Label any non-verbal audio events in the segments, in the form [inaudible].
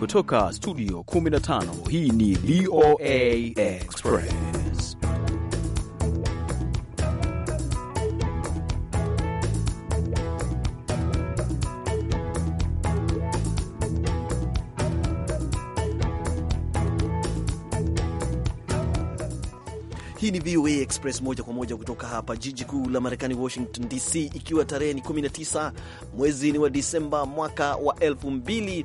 kutoka studio 15 hii ni VOA Express. Hii ni VOA Express moja kwa moja kutoka hapa jiji kuu la Marekani, Washington DC, ikiwa tarehe ni 19 mwezi ni wa Disemba mwaka wa 2000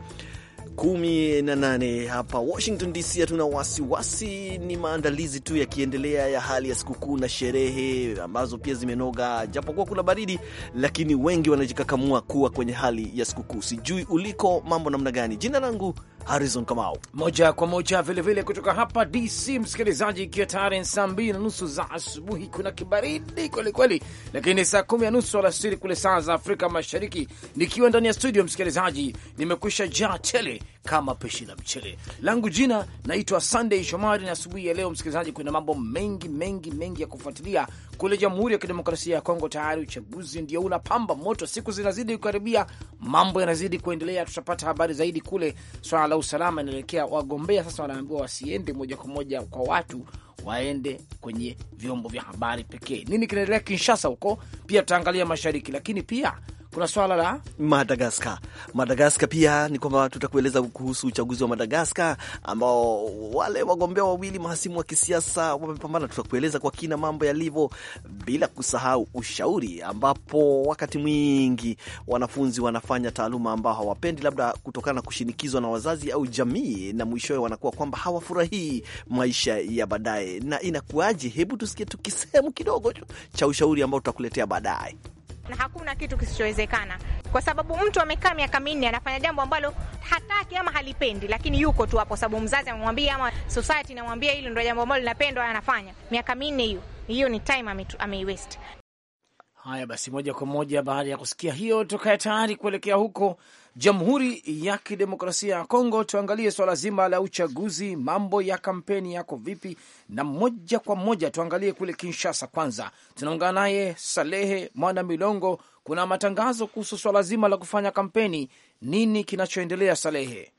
kumi na nane hapa Washington DC. Hatuna wasiwasi, ni maandalizi tu yakiendelea ya hali ya sikukuu na sherehe ambazo pia zimenoga, japokuwa kuna baridi, lakini wengi wanajikakamua kuwa kwenye hali ya sikukuu. Sijui uliko mambo namna gani? Jina langu Harrison Kamau. Moja kwa moja vilevile kutoka hapa DC, msikilizaji, ikiwa tayari saa mbili na nusu za asubuhi, kuna kibaridi kwelikweli, lakini saa kumi na nusu alasiri kule saa za Afrika Mashariki, nikiwa ndani ya studio, msikilizaji, nimekwisha jaa tele kama pishi la mchele langu. Jina naitwa Sunday Shomari, na asubuhi ya leo msikilizaji, kuna mambo mengi mengi mengi ya kufuatilia kule Jamhuri ya Kidemokrasia ya Kongo. Tayari uchaguzi ndio unapamba moto, siku zinazidi kukaribia, mambo yanazidi kuendelea. Tutapata habari zaidi kule. Swala la usalama inaelekea, wagombea sasa wanaambiwa wasiende moja kwa moja kwa watu waende kwenye vyombo vya habari pekee. Nini kinaendelea Kinshasa huko? Pia tutaangalia mashariki, lakini pia kuna swala la Madagaskar. Madagaskar pia ni kwamba tutakueleza kuhusu uchaguzi wa Madagaskar ambao wale wagombea wawili mahasimu wa kisiasa wamepambana. Tutakueleza kwa kina mambo yalivyo, bila kusahau ushauri, ambapo wakati mwingi wanafunzi wanafanya taaluma ambao hawapendi, labda kutokana na kushinikizwa na wazazi au jamii, na mwishowe wanakuwa kwamba hawafurahii maisha ya baadaye. Na inakuwaje? Hebu tusikie tukisehemu kidogo cha ushauri ambao tutakuletea baadaye na hakuna kitu kisichowezekana, kwa sababu mtu amekaa miaka minne anafanya jambo ambalo hataki ama halipendi, lakini yuko tu hapo, sababu mzazi amemwambia ama society inamwambia hilo ndio jambo ambalo linapendwa, anafanya miaka minne hiyo hiyo ni time ameiwaste. Haya basi, moja kwa moja baada ya kusikia hiyo, tokaya tayari kuelekea huko Jamhuri ya Kidemokrasia ya Kongo, tuangalie swala zima la uchaguzi. Mambo ya kampeni yako vipi? Na moja kwa moja tuangalie kule Kinshasa. Kwanza tunaungana naye Salehe Mwana Milongo, kuna matangazo kuhusu swala zima la kufanya kampeni. Nini kinachoendelea, Salehe?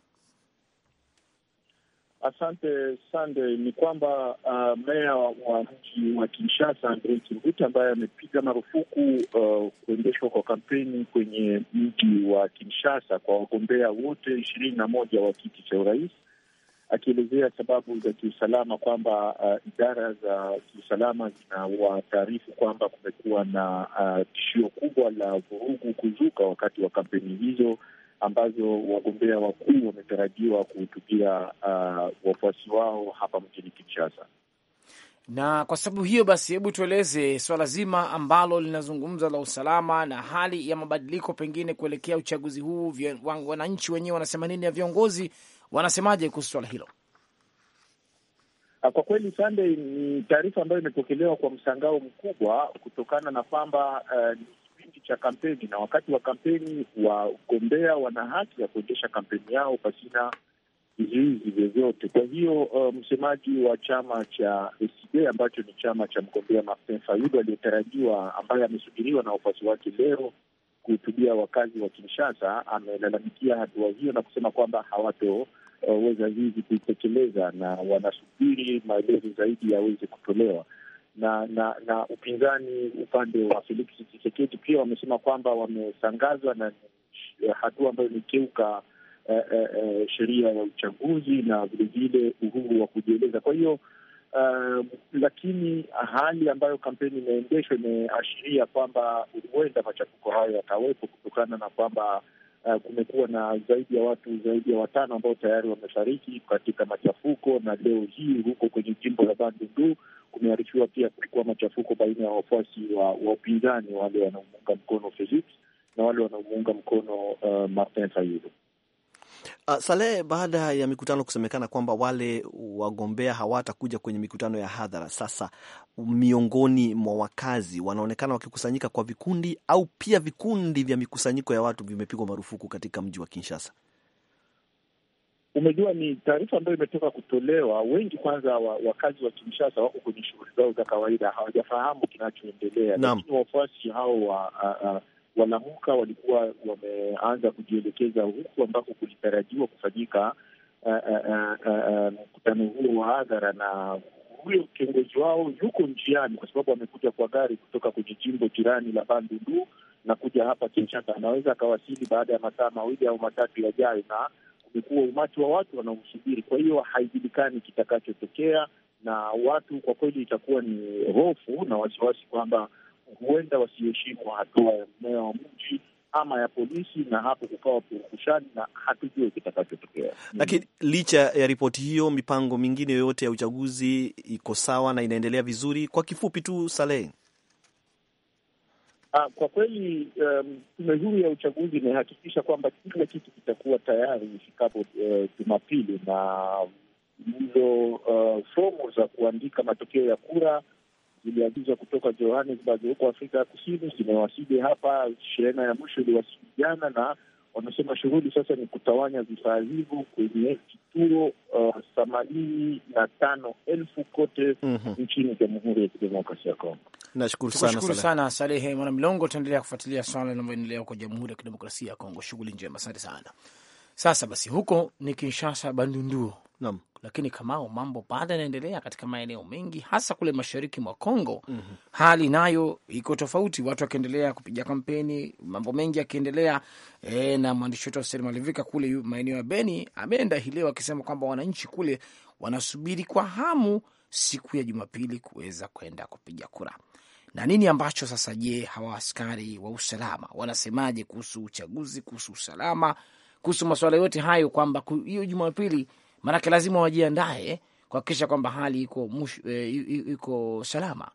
Asante sande. Ni kwamba uh, meya wa mji wa Kinshasa Andre Kimbuta ambaye amepiga marufuku uh, kuendeshwa kwa kampeni kwenye mji wa Kinshasa kwa wagombea wote ishirini na moja wa kiti cha urais, akielezea sababu za kiusalama kwamba uh, idara za kiusalama zinawataarifu kwamba kumekuwa na uh, tishio kubwa la vurugu kuzuka wakati wa kampeni hizo ambazo wagombea wakuu wametarajiwa kuhutubia uh, wafuasi wao hapa mjini Kinshasa. Na kwa sababu hiyo basi, hebu tueleze swala zima ambalo linazungumza la usalama na hali ya mabadiliko pengine kuelekea uchaguzi huu. Wananchi wenyewe wanasema nini na viongozi wanasemaje kuhusu swala hilo? Ah, kwa kweli Sunday, ni taarifa ambayo imepokelewa kwa msangao mkubwa kutokana na kwamba uh, kipindi cha kampeni, na wakati wa kampeni wagombea wana haki ya kuendesha kampeni yao pasina vizuizi vyovyote. Kwa hiyo uh, msemaji wa chama cha ACD ambacho ni chama cha mgombea Martin Fayulu aliyetarajiwa, ambaye amesubiriwa na wafuasi wake leo kuhutubia wakazi wa Kinshasa, amelalamikia hatua hiyo na kusema kwamba hawatoweza uh, hivi kuitekeleza na wanasubiri maelezo zaidi yaweze kutolewa na na na upinzani upande wa Felix Tshisekedi pia wamesema kwamba wameshangazwa na eh, hatua ambayo imekeuka eh, eh, eh, sheria ya uchaguzi na vilevile uhuru wa kujieleza. Kwa hiyo uh, lakini hali ambayo kampeni imeendeshwa imeashiria kwamba huenda machafuko hayo yatawepo kutokana na kwamba Uh, kumekuwa na zaidi ya watu zaidi ya watano ambao tayari wamefariki katika machafuko, na leo hii huko kwenye jimbo la Bandundu kumearifiwa pia kulikuwa machafuko baina ya wafuasi wa upinzani wale wanaomuunga mkono Felix na wale wanaomuunga mkono uh, Martin Fayulu. Uh, Saleh, baada ya mikutano kusemekana kwamba wale wagombea hawatakuja kwenye mikutano ya hadhara, sasa miongoni mwa wakazi wanaonekana wakikusanyika kwa vikundi au pia vikundi vya mikusanyiko ya watu vimepigwa marufuku katika mji wa Kinshasa. Umejua, ni taarifa ambayo imetoka kutolewa. Wengi kwanza, wakazi wa, Kinshasa wako kwenye shughuli zao za kawaida, hawajafahamu kinachoendelea, lakini wafuasi hao wa uh, Walamuka walikuwa wameanza kujielekeza huku ambako kulitarajiwa kufanyika uh, uh, uh, mkutano huo wa hadhara, na huyo kiongozi wao yuko njiani, kwa sababu amekuja kwa gari kutoka kwenye jimbo jirani la Bandundu na kuja hapa Kinshasa. Anaweza akawasili baada ya masaa mawili au matatu yajayo na ni kuwa umati wa watu wanaomsubiri. Kwa hiyo haijulikani kitakachotokea, na watu kwa kweli itakuwa ni hofu na wasiwasi kwamba huenda wasiheshimu hatua ya meya wa mji ama ya polisi na hapo kukawa purukushani na hatujue kitakachotokea. Lakini licha ya ripoti hiyo, mipango mingine yoyote ya uchaguzi iko sawa na inaendelea vizuri. Kwa kifupi tu, Saleh Ah, kwa kweli um, tume um, huru ya uchaguzi imehakikisha kwamba kila kitu kitakuwa tayari ifikapo eh, Jumapili uh, na hizo uh, fomu za kuandika matokeo ya kura ziliagizwa kutoka Johannesburg huko Afrika ya Kusini, zimewasili hapa. Shehena ya mwisho iliwasili jana, na wamesema shughuli sasa ni kutawanya vifaa hivyo kwenye kituo uh, themanini uh, na tano elfu kote mm -hmm. nchini Jamhuri ya Kidemokrasia ya Kongo. Nashukuru sana, sana Salehe Mwanamlongo. Tutaendelea kufuatilia swala linavyoendelea huko Jamhuri ya Kidemokrasia ya Kongo. Shughuli njema, asante sana. Sasa basi, huko ni Kinshasa, Bandunduo naam. Lakini Kamao, mambo bado yanaendelea katika maeneo mengi, hasa kule mashariki mwa Kongo. mm -hmm. Hali nayo iko tofauti, watu wakiendelea kupiga kampeni, mambo mengi yakiendelea. E, na mwandishi wetu Malivika kule maeneo ya Beni ameenda hii leo akisema kwamba wananchi kule wanasubiri kwa hamu siku ya Jumapili kuweza kwenda kupiga kura na nini ambacho sasa, je, hawa askari wa usalama wanasemaje kuhusu uchaguzi, kuhusu usalama, kuhusu masuala yote hayo, kwamba hiyo Jumapili maanake lazima wajiandae kuhakikisha kwamba hali iko eh, iko salama.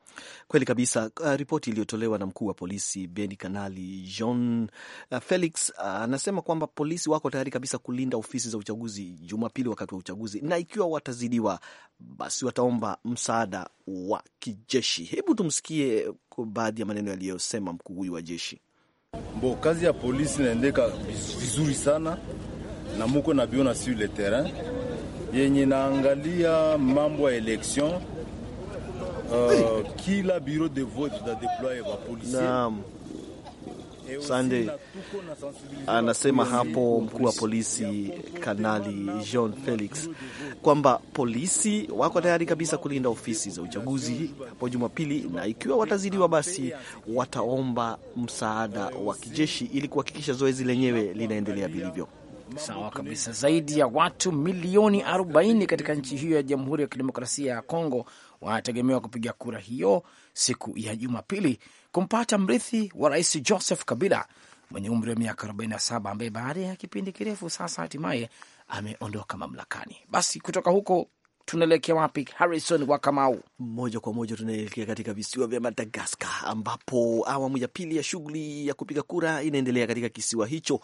Kweli kabisa. Uh, ripoti iliyotolewa na mkuu wa polisi Beni Kanali Jean uh, Felix uh, anasema uh, kwamba polisi wako tayari kabisa kulinda ofisi za uchaguzi Jumapili wakati wa uchaguzi, na ikiwa watazidiwa, basi wataomba msaada wa kijeshi. Hebu tumsikie baadhi ya maneno yaliyosema mkuu huyu wa jeshi. Bo, kazi ya polisi inaendeka vizuri sana na muko nabiona sur le terrain yenye naangalia mambo ya election uh, kila bureau de vote na deploye wa polisi Sande anasema hapo mkuu wa polisi Kanali Jean Felix kwamba polisi wako tayari kabisa kulinda ofisi za uchaguzi hapo Jumapili, na ikiwa watazidiwa, basi wataomba msaada wa kijeshi ili kuhakikisha zoezi lenyewe linaendelea vilivyo. Sawa kabisa. Zaidi ya watu milioni 40 katika nchi hiyo ya Jamhuri ya Kidemokrasia ya Kongo wanategemewa kupiga kura hiyo siku ya Jumapili kumpata mrithi wa Rais Joseph Kabila mwenye umri wa miaka 47 ambaye baada ya kipindi kirefu sasa hatimaye ameondoka mamlakani. Basi kutoka huko tunaelekea wapi, Harrison wa Kamau? Moja kwa moja tunaelekea katika visiwa vya Madagaskar, ambapo awamu ya pili ya shughuli ya kupiga kura inaendelea katika kisiwa hicho.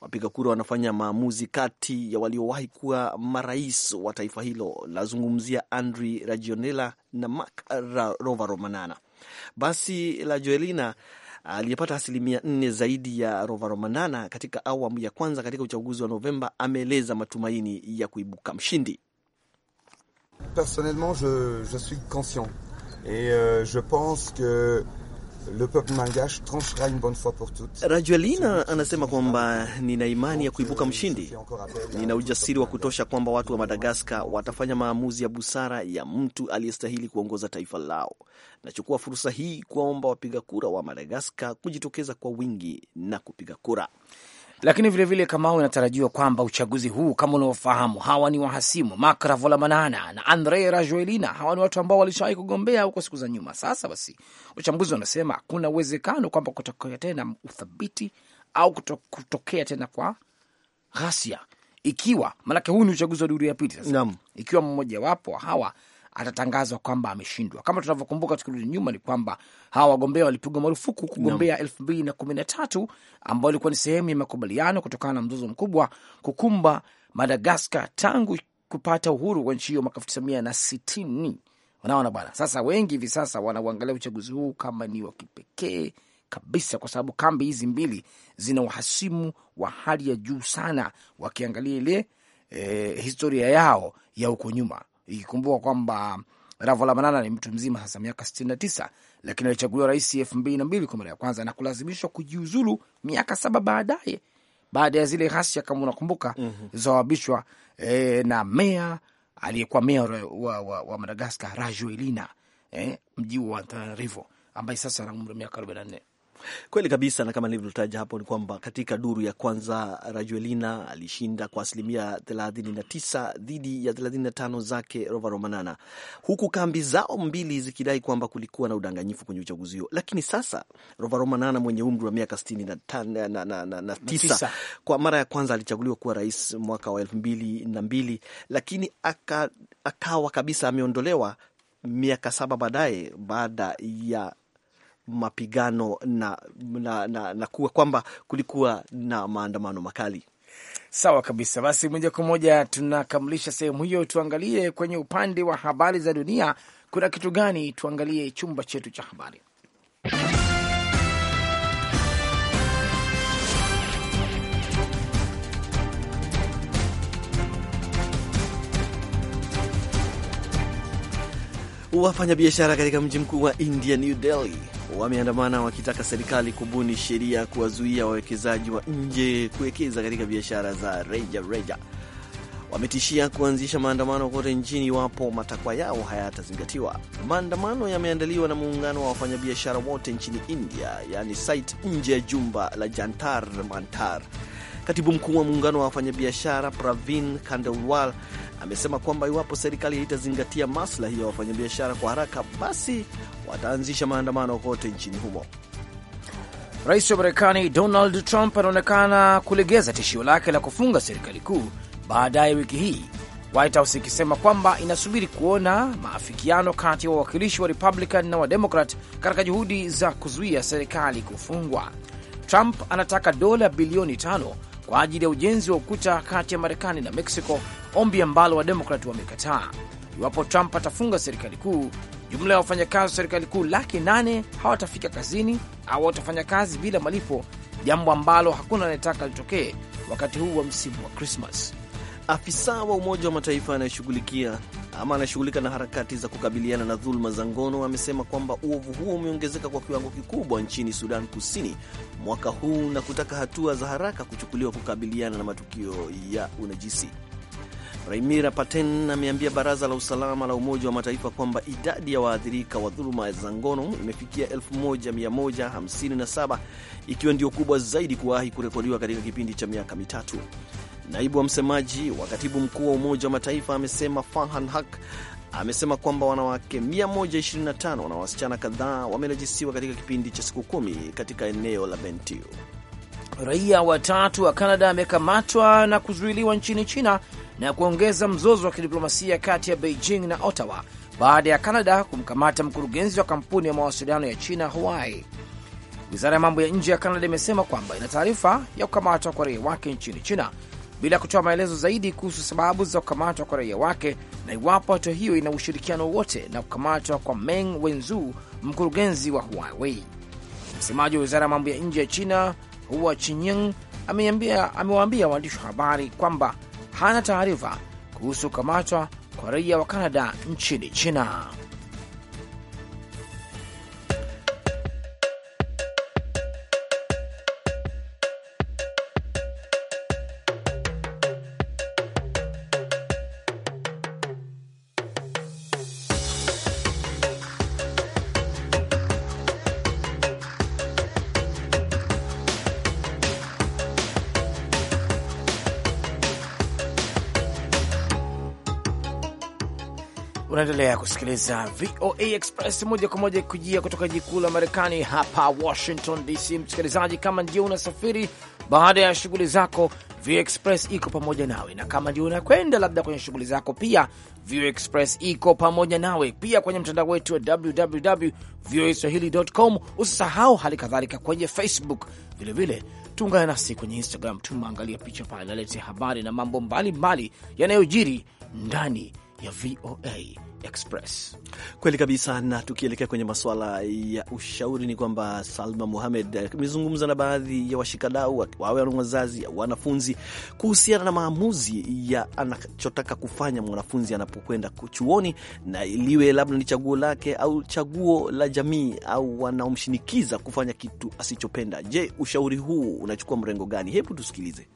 Wapiga kura wanafanya maamuzi kati ya waliowahi kuwa marais wa taifa hilo. Lazungumzia Andry Rajoelina na Marc Rovalomanana. Basi Rajoelina aliyepata asilimia nne zaidi ya Rovalomanana katika awamu ya kwanza katika uchaguzi wa Novemba ameeleza matumaini ya kuibuka mshindi. Personnellement, je, je suis conscient et euh, je pense que le peuple malgache tranchera une bonne fois pour toutes. Rajuelina anasema kwamba nina imani ya kuibuka euh, mshindi. Nina ujasiri wa kutosha kwamba watu wa Madagaskar watafanya maamuzi ya busara ya mtu aliyestahili kuongoza taifa lao. Nachukua fursa hii kuwaomba wapiga kura wa Madagaskar kujitokeza kwa wingi na kupiga kura. Lakini vilevile Kamau, inatarajiwa kwamba uchaguzi huu kama unavyofahamu, hawa ni wahasimu Makra Volamanana na Andre Rajoelina. Hawa ni watu ambao walishawahi kugombea huko siku za nyuma. Sasa basi, wachambuzi wanasema kuna uwezekano kwamba kutokea tena uthabiti au kutokea tena kwa ghasia, ikiwa maanake huu ni uchaguzi wa duru ya pili. Sasa ikiwa mmojawapo hawa atatangazwa kwamba ameshindwa. Kama tunavyokumbuka tukirudi nyuma, ni kwamba hawa wagombea walipigwa marufuku kugombea elfu mbili na kumi na tatu ambao ilikuwa ni sehemu ya makubaliano kutokana na mzozo mkubwa kukumba Madagaskar tangu kupata uhuru wa nchi hiyo mwaka elfu tisa mia na sitini. Unaona bwana, sasa wengi hivi sasa wanauangalia uchaguzi huu kama ni wa kipekee kabisa kwa sababu kambi hizi mbili zina uhasimu wa hali ya juu sana, wakiangalia ile e, historia yao ya huko nyuma ikikumbuka kwamba Ravalomanana ni mtu mzima sasa miaka 69 lakini alichaguliwa rais elfu mbili na mbili kwa mara ya kwanza na kulazimishwa kujiuzulu miaka saba baadaye baada ya zile ghasia kama unakumbuka mm -hmm. zilizosababishwa e, eh, na meya aliyekuwa meya wa, wa, wa Madagaskar Rajoelina e, mji wa Antananarivo ambaye sasa ana umri wa miaka 44. Kweli kabisa, na kama nilivyotaja hapo ni kwamba katika duru ya kwanza Rajuelina alishinda kwa asilimia 39 dhidi ya 35 zake Rova huku kambi zao mbili zikidai kwamba kulikuwa na udanganyifu kwenye uchaguzi huo. Lakini sasa Rova mwenye umri wa miaka 69 kwa mara ya kwanza alichaguliwa kuwa rais mwaka wa elfu mbili na mbili, lakini aka, akawa kabisa ameondolewa miaka saba baadaye baada ya mapigano na, na, na, na kuwa kwamba kulikuwa na maandamano makali. Sawa kabisa. Basi moja kwa moja tunakamilisha sehemu hiyo, tuangalie kwenye upande wa habari za dunia. Kuna kitu gani? Tuangalie chumba chetu cha habari. Wafanyabiashara katika mji mkuu wa India, New Delhi wameandamana wakitaka serikali kubuni sheria kuwazuia wawekezaji wa nje kuwekeza katika biashara za reja reja. Wametishia kuanzisha maandamano kote nchini iwapo matakwa yao hayatazingatiwa. Maandamano yameandaliwa na muungano wa wafanyabiashara wote nchini India, yani sit nje ya jumba la Jantar Mantar. Katibu mkuu wa muungano wa wafanyabiashara Pravin Kandelwal amesema kwamba iwapo serikali haitazingatia maslahi ya wafanyabiashara kwa haraka, basi wataanzisha maandamano kote nchini humo. Rais wa Marekani Donald Trump anaonekana kulegeza tishio lake la kufunga serikali kuu baadaye wiki hii, White House ikisema kwamba inasubiri kuona maafikiano kati ya wawakilishi wa Republican na Wademokrat katika juhudi za kuzuia serikali kufungwa. Trump anataka dola bilioni tano kwa ajili ya ujenzi wa ukuta kati ya Marekani na Meksiko, ombi ambalo Wademokrati wamekataa. Iwapo Trump atafunga serikali kuu, jumla ya wafanyakazi wa serikali kuu laki nane hawatafika kazini au watafanya kazi bila malipo, jambo ambalo hakuna anayetaka litokee wakati huu wa msimu wa Krismas. Afisa wa Umoja wa Mataifa anayeshughulikia ama anashughulika na harakati za kukabiliana na dhuluma za ngono amesema kwamba uovu huo umeongezeka kwa kiwango kikubwa nchini Sudan Kusini mwaka huu na kutaka hatua za haraka kuchukuliwa kukabiliana na matukio ya unajisi. Raimira Paten ameambia Baraza la Usalama la Umoja wa Mataifa kwamba idadi ya waathirika wa dhuluma za ngono imefikia 1157 ikiwa ndio kubwa zaidi kuwahi kurekodiwa katika kipindi cha miaka mitatu. Naibu wa msemaji wa katibu mkuu wa Umoja wa Mataifa amesema Farhan Haq amesema kwamba wanawake 125 na wasichana kadhaa wamerejisiwa katika kipindi cha siku kumi katika eneo la Bentiu. Raia watatu wa Kanada amekamatwa na kuzuiliwa nchini China na kuongeza mzozo wa kidiplomasia kati ya Beijing na Ottawa baada ya Kanada kumkamata mkurugenzi wa kampuni ya mawasiliano ya China Huawei. Wizara ya mambo ya nje ya Kanada imesema kwamba ina taarifa ya kukamatwa kwa raia wake nchini China bila kutoa maelezo zaidi kuhusu sababu za kukamatwa kwa raia wake na iwapo hatua hiyo ina ushirikiano wowote na kukamatwa kwa Meng Wenzu, mkurugenzi wa Huawei. Msemaji wa wizara ya mambo ya nje ya China Hua Chinying amewaambia waandishi wa habari kwamba hana taarifa kuhusu kukamatwa kwa raia wa Kanada nchini China. Unaendelea kusikiliza VOA Express moja kwa moja kujia kutoka jikuu la Marekani hapa Washington DC. Msikilizaji, kama ndio unasafiri baada ya shughuli zako, VOA Express iko pamoja nawe, na kama ndio unakwenda labda kwenye shughuli zako, pia VOA Express iko pamoja nawe, pia kwenye mtandao wetu wa www voa swahili.com. Usisahau hali kadhalika kwenye Facebook vilevile, tuungane nasi kwenye Instagram, tumeangalia picha pale, nalete habari na mambo mbalimbali yanayojiri ndani ya VOA Express. Kweli kabisa. Na tukielekea kwenye masuala ya ushauri, ni kwamba Salma Muhamed eh, amezungumza na baadhi ya washikadau, wawe wazazi au wanafunzi, kuhusiana na maamuzi ya anachotaka kufanya mwanafunzi anapokwenda chuoni, na iliwe labda ni chaguo lake au chaguo la jamii au wanaomshinikiza kufanya kitu asichopenda. Je, ushauri huu unachukua mrengo gani? Hebu tusikilize.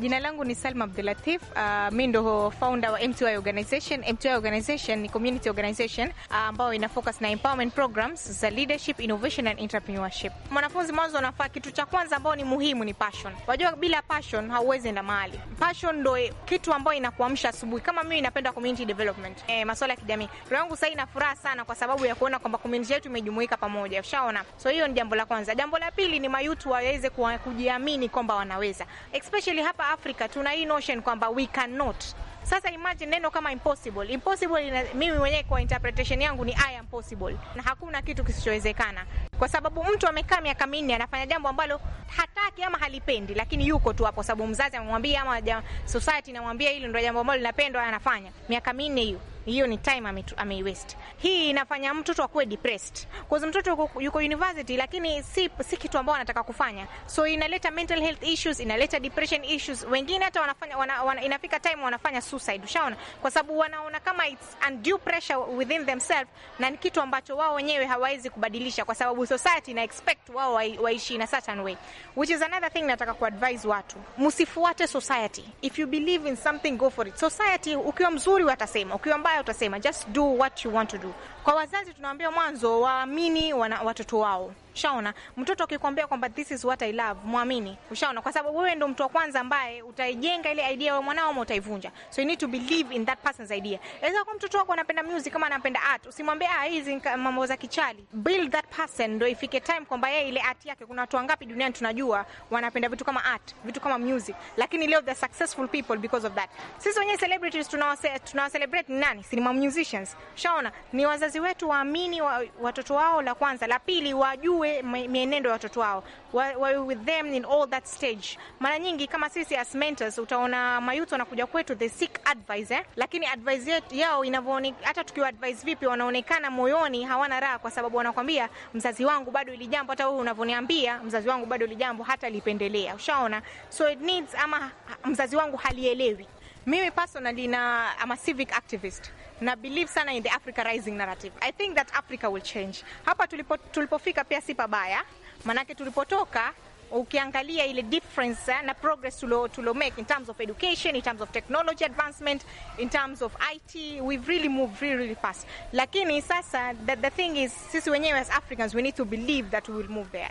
Jina langu ni Salma Abdulatif. Uh, mi ndo founder wa MTY Organization. MTY Organization ni community organization uh, ambayo ina focus na empowerment programs za leadership, innovation and entrepreneurship. Mwanafunzi mwanzo anafaa kitu cha kwanza ambao ni muhimu ni passion. Wajua bila passion hauwezi enda mahali. Passion ndo kitu ambayo inakuamsha asubuhi. Kama mimi napenda community development. Eh, masuala ya kijamii. Roho yangu sasa ina furaha sana kwa sababu ya kuona kwamba community yetu imejumuika pamoja. Ushaona? So hiyo ni jambo la kwanza. Jambo la pili ni mayutu waweze kujiamini kwamba wanaweza. Especially hapa Afrika tuna hii notion kwamba we cannot. Sasa imagine neno kama impossible. Impossible ina, mimi mwenyewe kwa interpretation yangu ni I am possible. Na hakuna kitu kisichowezekana. Kwa sababu mtu amekaa miaka minne anafanya jambo ambalo hataki ama halipendi, lakini yuko tu hapo sababu mzazi amemwambia ama society inamwambia hili ndio jambo ambalo linapendwa anafanya. Miaka minne hiyo hiyo ni time ameiwaste. Hii inafanya mtoto akuwe depressed kwa sababu mtoto yuko yuko university, lakini si, si kitu ambao anataka kufanya, so inaleta mental health issues, inaleta depression issues. Wengine hata wanafanya wana, wana, inafika time wanafanya suicide, ushaona, kwa sababu wanaona kama it's undue pressure within themselves, na ni kitu ambacho wao wenyewe hawawezi kubadilisha, kwa sababu society ina expect wao waishi in a certain way, which is another thing nataka ku advise watu, msifuate society. If you believe in something, go for it. Society ukiwa mzuri watasema, ukiwa mbaya utabaya, utasema just do what you want to do. Kwa wazazi tunawaambia mwanzo waamini wana watoto wao. Ushaona, mtoto akikwambia kwamba this is what I love, mwamini. Ushaona, kwa sababu wewe ndo mtu wa kwanza ambaye utaijenga ile idea ya mwanao ama utaivunja. So you need to believe in that person's idea. Inaweza kwa mtoto wako anapenda music kama anapenda art, usimwambie ah, hizi mambo za kichali. Build that person ndo ifike time kwamba yeye ile art yake. Kuna watu wangapi duniani tunajua wanapenda vitu kama art, vitu kama music, lakini leo the successful people because of that. Sisi wenyewe celebrities tunawa tunawa celebrate nani? Cinema musicians. Ushaona, ni wazazi wazazi wetu waamini wa, watoto wao la kwanza, la pili wajue mienendo ya watoto wao wa, wa with them in all that stage. Mara nyingi kama sisi as mentors, utaona mayuto wanakuja kwetu they seek advice eh, lakini advice yetu yao inavyoonekana, hata tukiwa advice vipi, wanaonekana moyoni hawana raha, kwa sababu wanakwambia mzazi wangu bado ili jambo, hata wewe unavyoniambia mzazi wangu bado ili jambo hata lipendelea, ushaona, so it needs ama mzazi wangu halielewi mimi personally na I'm a civic activist na believe sana in the Africa rising narrative. I think that Africa will change. Hapa tulipo, tulipofika pia si pabaya, manake tulipotoka ukiangalia ile difference eh, na progress tulo, tulo make in terms of education, in terms of technology advancement, in terms of IT, we've really moved really, really fast. Lakini sasa the, the thing is sisi wenyewe as Africans we need to believe that we will move there.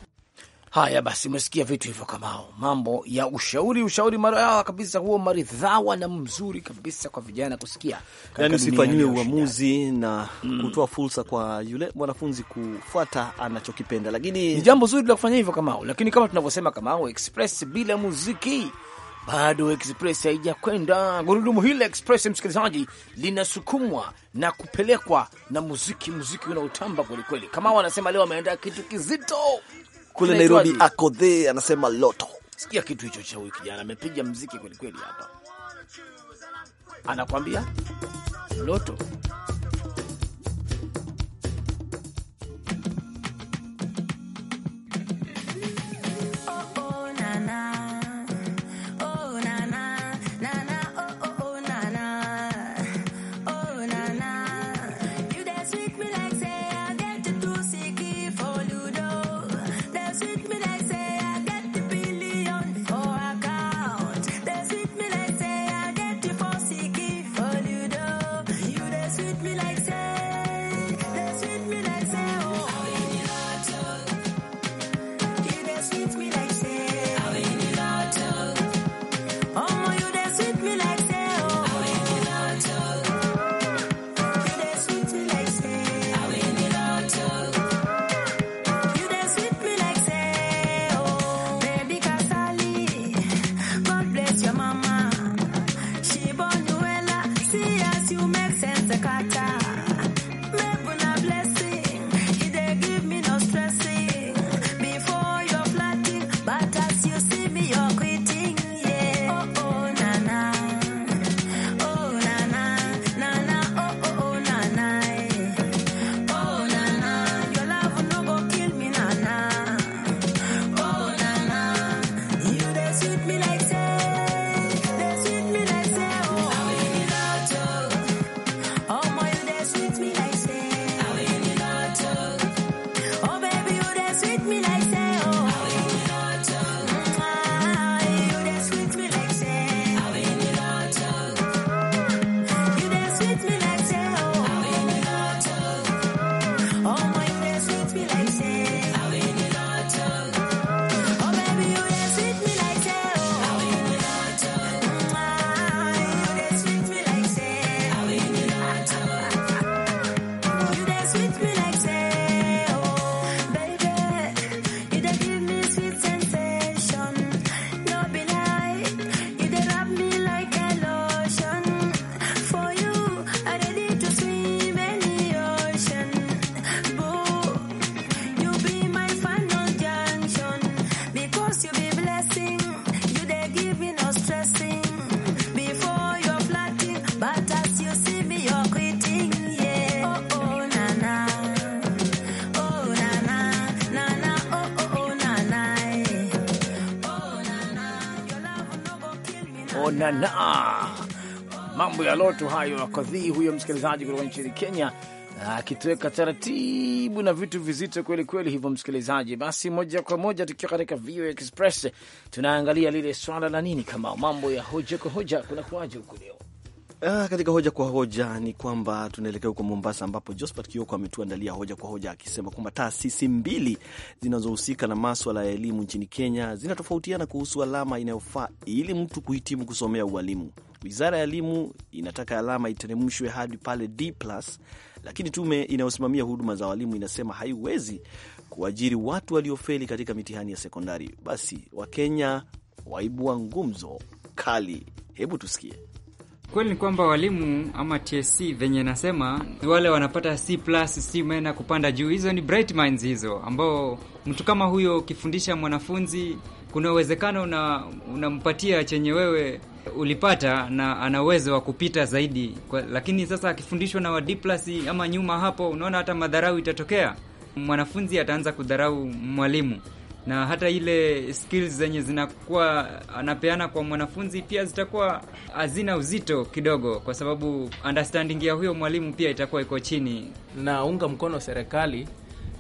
Haya basi, umesikia vitu hivyo, Kamao, mambo ya ushauri. Ushauri marawa ah, kabisa huo, maridhawa na mzuri kabisa kwa vijana kusikia, yani usifanyiwe uamuzi na mm, kutoa fursa kwa yule mwanafunzi kufuata anachokipenda, lakini ni jambo zuri la kufanya hivyo, Kamao. Lakini kama tunavyosema, Kamao, Express bila muziki bado Express kwenda Gurudumu hili Express, msikilizaji, linasukumwa na kupelekwa na muziki, muziki unaotamba kwelikweli. Kama anasema leo ameandaa kitu kizito kule Nairobi. Akodhe anasema Loto. Sikia kitu hicho cha huyu kijana, amepiga mziki kwelikweli hapa, anakwambia Loto nana mambo ya Loto hayo akodhii huyo msikilizaji kutoka nchini Kenya akitoweka taratibu na vitu vizito kweli kweli hivyo, msikilizaji. Basi moja kwa moja tukiwa katika VOA Express tunaangalia lile swala la nini, kama mambo ya hoja kwa hoja, kuna kuwaje huku leo? Uh, katika hoja kwa hoja ni kwamba tunaelekea huko Mombasa ambapo Josephat Kioko ametuandalia hoja kwa hoja akisema kwamba taasisi mbili zinazohusika na maswala ya elimu nchini Kenya zinatofautiana kuhusu alama inayofaa ili mtu kuhitimu kusomea ualimu. Wizara ya elimu inataka alama iteremshwe hadi pale D+, lakini tume inayosimamia huduma za walimu inasema haiwezi kuajiri watu waliofeli katika mitihani ya sekondari. Basi Wakenya waibua ngumzo kali. Hebu tusikie. Kweli ni kwamba walimu ama TSC venye nasema wale wanapata C plus C mena kupanda juu, hizo ni bright minds hizo, ambao mtu kama huyo ukifundisha mwanafunzi, kuna uwezekano unampatia una chenye wewe ulipata na ana uwezo wa kupita zaidi kwa, lakini sasa akifundishwa na wa D ama nyuma hapo, unaona hata madharau itatokea, mwanafunzi ataanza kudharau mwalimu na hata ile skills zenye zinakuwa anapeana kwa mwanafunzi pia zitakuwa hazina uzito kidogo, kwa sababu understanding ya huyo mwalimu pia itakuwa iko chini. Naunga mkono serikali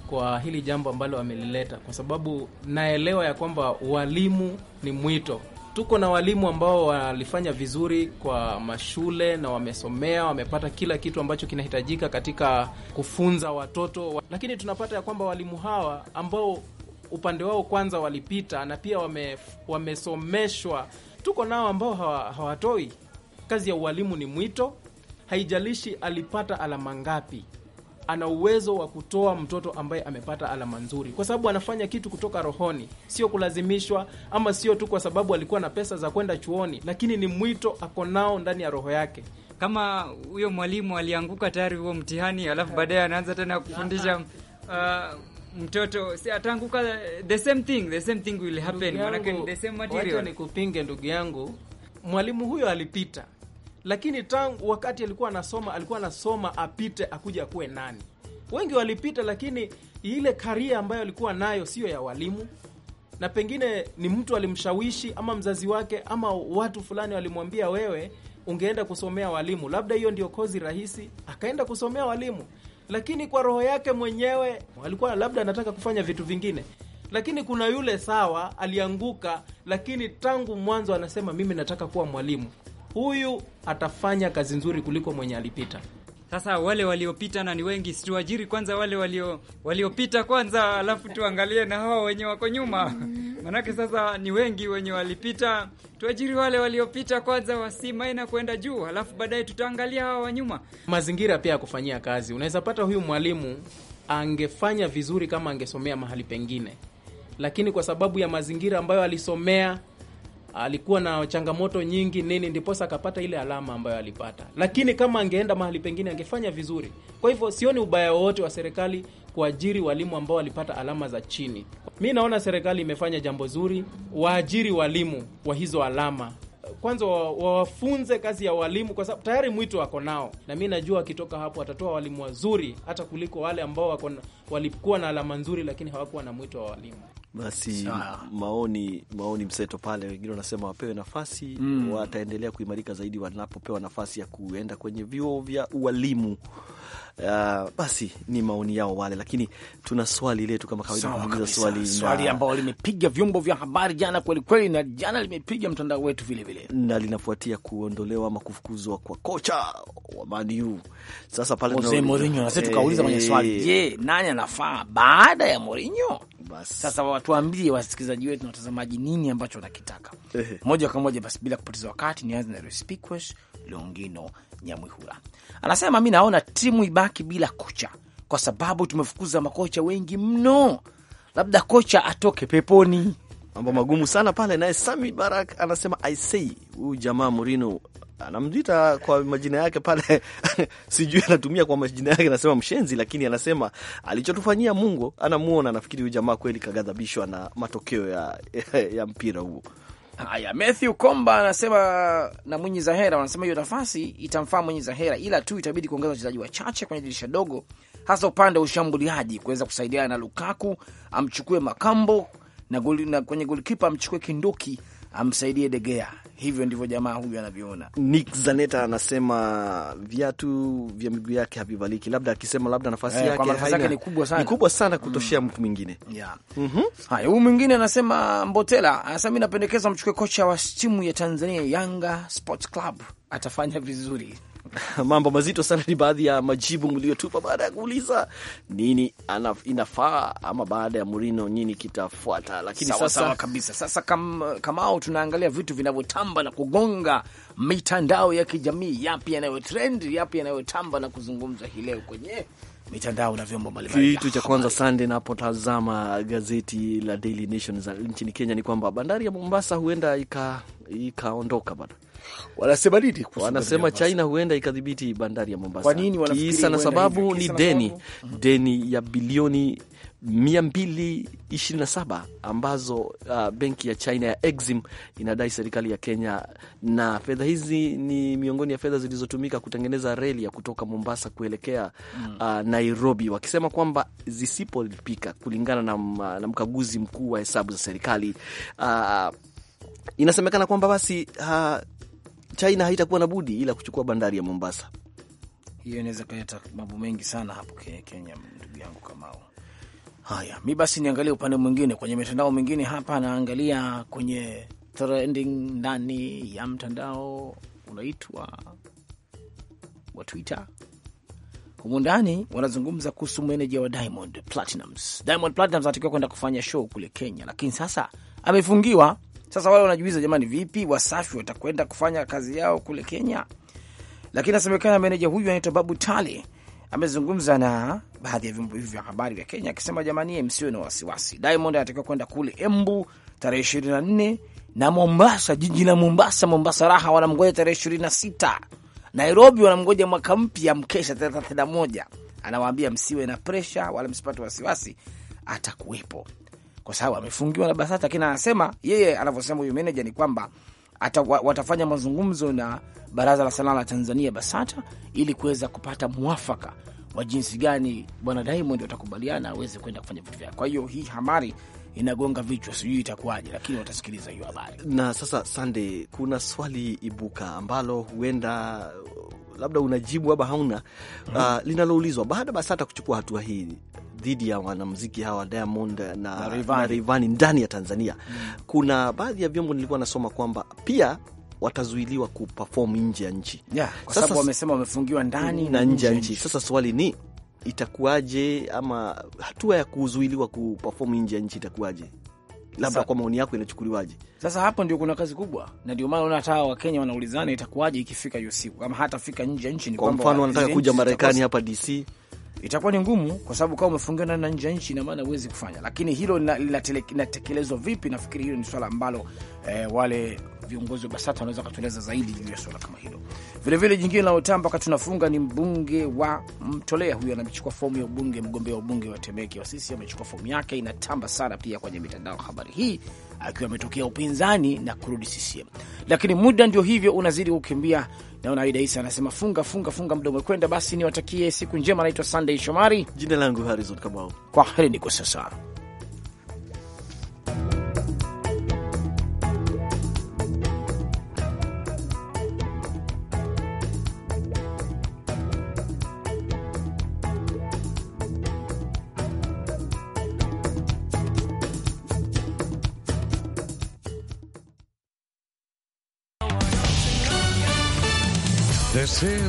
kwa hili jambo ambalo wamelileta, kwa sababu naelewa ya kwamba walimu ni mwito. Tuko na walimu ambao walifanya vizuri kwa mashule na wamesomea, wamepata kila kitu ambacho kinahitajika katika kufunza watoto, lakini tunapata ya kwamba walimu hawa ambao upande wao kwanza walipita na pia wame, wamesomeshwa. Tuko nao ambao hawatoi. Kazi ya ualimu ni mwito, haijalishi alipata alama ngapi ana uwezo wa kutoa mtoto ambaye amepata alama nzuri, kwa sababu anafanya kitu kutoka rohoni, sio kulazimishwa, ama sio tu kwa sababu alikuwa na pesa za kwenda chuoni, lakini ni mwito ako nao ndani ya roho yake. Kama huyo mwalimu alianguka tayari huo mtihani, alafu eh. baadaye anaanza tena kufundisha uh, mtoto si atanguka, the same thing, the same thing will happen, manake the same material. Wacha nikupinge ndugu yangu, mwalimu huyo alipita, lakini tangu wakati alikuwa anasoma, alikuwa anasoma apite akuja akuwe nani. Wengi walipita, lakini ile karia ambayo alikuwa nayo siyo ya walimu na pengine ni mtu alimshawishi ama mzazi wake ama watu fulani walimwambia, wewe ungeenda kusomea walimu, labda hiyo ndio kozi rahisi, akaenda kusomea walimu lakini kwa roho yake mwenyewe alikuwa labda anataka kufanya vitu vingine. Lakini kuna yule sawa, alianguka, lakini tangu mwanzo anasema mimi nataka kuwa mwalimu. Huyu atafanya kazi nzuri kuliko mwenye alipita. Sasa wale waliopita na ni wengi, situajiri kwanza wale walio waliopita kwanza, alafu tuangalie na hawa wenye wako nyuma, maanake mm-hmm. sasa ni wengi wenye walipita. Tuajiri wale waliopita kwanza, wasimaina kwenda juu, alafu baadaye tutaangalia hawa wa nyuma. Mazingira pia ya kufanyia kazi, unaweza pata huyu mwalimu angefanya vizuri kama angesomea mahali pengine, lakini kwa sababu ya mazingira ambayo alisomea alikuwa na changamoto nyingi nini, ndiposa akapata ile alama ambayo alipata, lakini kama angeenda mahali pengine angefanya vizuri. Kwa hivyo sioni ubaya wowote wa serikali kuajiri walimu ambao walipata alama za chini. Mi naona serikali imefanya jambo zuri, waajiri walimu wa hizo alama kwanza wawafunze kazi ya walimu, kwa sababu tayari mwito wako nao, na mi najua wakitoka hapo watatoa walimu wazuri hata kuliko wale ambao walikuwa na alama nzuri, lakini hawakuwa na mwito wa walimu. Basi Saa. maoni maoni mseto pale, wengine wanasema wapewe nafasi mm. wataendelea kuimarika zaidi wanapopewa nafasi ya kuenda kwenye vyuo vya ualimu. Uh, basi ni maoni yao wale, lakini tuna swali letu kama kawaida, swali, swali ambao limepiga vyombo vya habari jana kwelikweli, na jana limepiga mtandao wetu vilevile, na linafuatia kuondolewa ama kufukuzwa kwa kocha wa Man U. Sasa pale Mourinho, sasa tukauliza kwenye eh, swali, je, nani anafaa baada ya Mourinho? Sasa watuambie wasikilizaji wetu na watazamaji nini ambacho wanakitaka moja kwa moja. Basi bila kupoteza wakati, nianze na Respicus Longino Nyamwihura, anasema mi naona timu ibaki bila kocha kwa sababu tumefukuza makocha wengi mno, labda kocha atoke peponi. Mambo magumu sana pale. Naye Sami Barak anasema aisei, huyu jamaa Mourinho anamjita kwa majina yake pale [laughs] sijui anatumia kwa majina yake, anasema mshenzi, lakini anasema alichotufanyia Mungu anamuona. Nafikiri huyu jamaa kweli kagadhabishwa na matokeo ya, [laughs] ya, mpira huo. Haya, Matthew Komba anasema na Mwinyi Zahera wanasema hiyo nafasi itamfaa Mwinyi Zahera, ila tu itabidi kuongeza wachezaji wachache kwenye dirisha dogo, hasa upande wa ushambuliaji kuweza kusaidiana na Lukaku, amchukue Makambo na, goli, na kwenye golikipa amchukue Kinduki amsaidie Degea hivyo ndivyo jamaa huyu anavyoona. Nick Zaneta anasema viatu vya miguu yake havivaliki, labda akisema labda nafasi eh, yake nafasi ni kubwa sana, ni kubwa sana mm. kutoshea mm, mtu mwingine yeah. mm -hmm. Haya, huyu mwingine anasema Mbotela anasema mi napendekeza mchukue kocha wa timu ya Tanzania Yanga Sports Club atafanya vizuri [laughs] mambo mazito sana ni baadhi ya majibu mliotupa baada ya kuuliza nini inafaa ama baada ya Mourinho nini kitafuata. Lakini sawa, sasa sawa kabisa. Sasa kam, kamao tunaangalia vitu vinavyotamba na kugonga mitandao ya kijamii, yapi yanayotrend, yapi yanayotamba na kuzungumza hii leo kwenye mitandao na vyombo mbalimbali. Kitu cha kwanza sande, napotazama gazeti la Daily Nation za nchini Kenya ni kwamba bandari ya Mombasa huenda ikaondoka ika bana wanasema nini? Wanasema China huenda ikadhibiti bandari ya Mombasa. Kwa nini? Kisa na sababu ni deni, deni ya bilioni 227 ambazo uh, benki ya China ya Exim inadai serikali ya Kenya, na fedha hizi ni miongoni ya fedha zilizotumika kutengeneza reli ya kutoka Mombasa kuelekea mm. uh, Nairobi, wakisema kwamba zisipolipika kulingana na, uh, na mkaguzi mkuu wa hesabu za serikali uh, inasemekana kwamba basi uh, China haitakuwa na budi ila kuchukua bandari ya Mombasa. Hiyo inaweza kuleta mambo mengi sana hapo Kenya, ndugu yangu Kamau. Haya, mi basi niangalie upande mwingine kwenye mitandao mingine hapa. naangalia kwenye trending ndani ya mtandao unaitwa wa Twitter. Humu ndani wanazungumza kuhusu meneja wa Diamond Platinums. Diamond Platinums anatakiwa kwenda kufanya show kule Kenya, lakini sasa amefungiwa. Sasa wale wanajiuliza, jamani, vipi Wasafi watakwenda kufanya kazi yao kule Kenya? Lakini nasemekana meneja huyu anaitwa Babu Tale amezungumza na baadhi ya vyombo hivi vya habari vya Kenya akisema jamani, msiwe na wasiwasi, Diamond anatakiwa kwenda kule Embu tarehe ishirini na nne na Mombasa, jiji la Mombasa, Mombasa raha wanamgoja tarehe ishirini na sita Nairobi wanamgoja mwaka mpya mkesha tarehe thelathini na moja Anawaambia msiwe na presha wala msipate wasiwasi, atakuwepo kwa sababu amefungiwa na BASATA. Lakini anasema yeye, anavyosema huyu meneja ni kwamba ata, watafanya mazungumzo na Baraza la Sanaa la Tanzania BASATA ili kuweza kupata mwafaka wa jinsi gani bwana Diamond watakubaliana aweze kwenda kufanya vitu vyake. Kwa hiyo hii habari inagonga vichwa, sijui itakuwaje, lakini watasikiliza hiyo habari. Na sasa, Sande, kuna swali ibuka ambalo huenda labda unajibu ama hauna, uh, linaloulizwa baada BASATA kuchukua hatua hii dhidi ya wanamziki hawa Diamond na, na Rivani, na Rivani ndani ya Tanzania mm. Kuna baadhi ya vyombo nilikuwa nasoma kwamba pia watazuiliwa kuperform nje ya nchi yeah, kwa sababu wamesema wamefungiwa ndani na nje ya nchi. Sasa swali ni itakuwaje, ama hatua ya kuzuiliwa kuperform nje ya nchi itakuwaje? Labda kwa maoni yako inachukuliwaje? Sasa hapo ndio kuna kazi kubwa, na ndio maana unaona hata Wakenya wanaulizana itakuwaje ikifika hiyo siku, kama hatafika nje ya nchi. Ni kwa mfano wanataka kuja Marekani hapa DC itakuwa ni ngumu, kwa sababu kama umefungiwa ndani na nje ya nchi, ina maana huwezi kufanya. Lakini hilo linatekelezwa vipi? Nafikiri hilo ni swala ambalo eh, wale viongozi wa BASATA wanaweza kutueleza zaidi juu ya swala kama hilo. Vilevile jingine linalotamba wakati tunafunga ni mbunge wa Mtolea, huyu anachukua fomu ya ubunge, mgombea wa ubunge wa Temeke wa sisi amechukua fomu yake, inatamba sana pia kwenye mitandao habari hii, akiwa ametokea upinzani na kurudi CCM. Lakini muda ndio hivyo unazidi kukimbia. Naona Aida Isa anasema funga funga funga, muda umekwenda. Basi niwatakie siku njema. Naitwa Sunday Shomari, jina langu Harrison Kamau, kwa heri ni kwa sasa.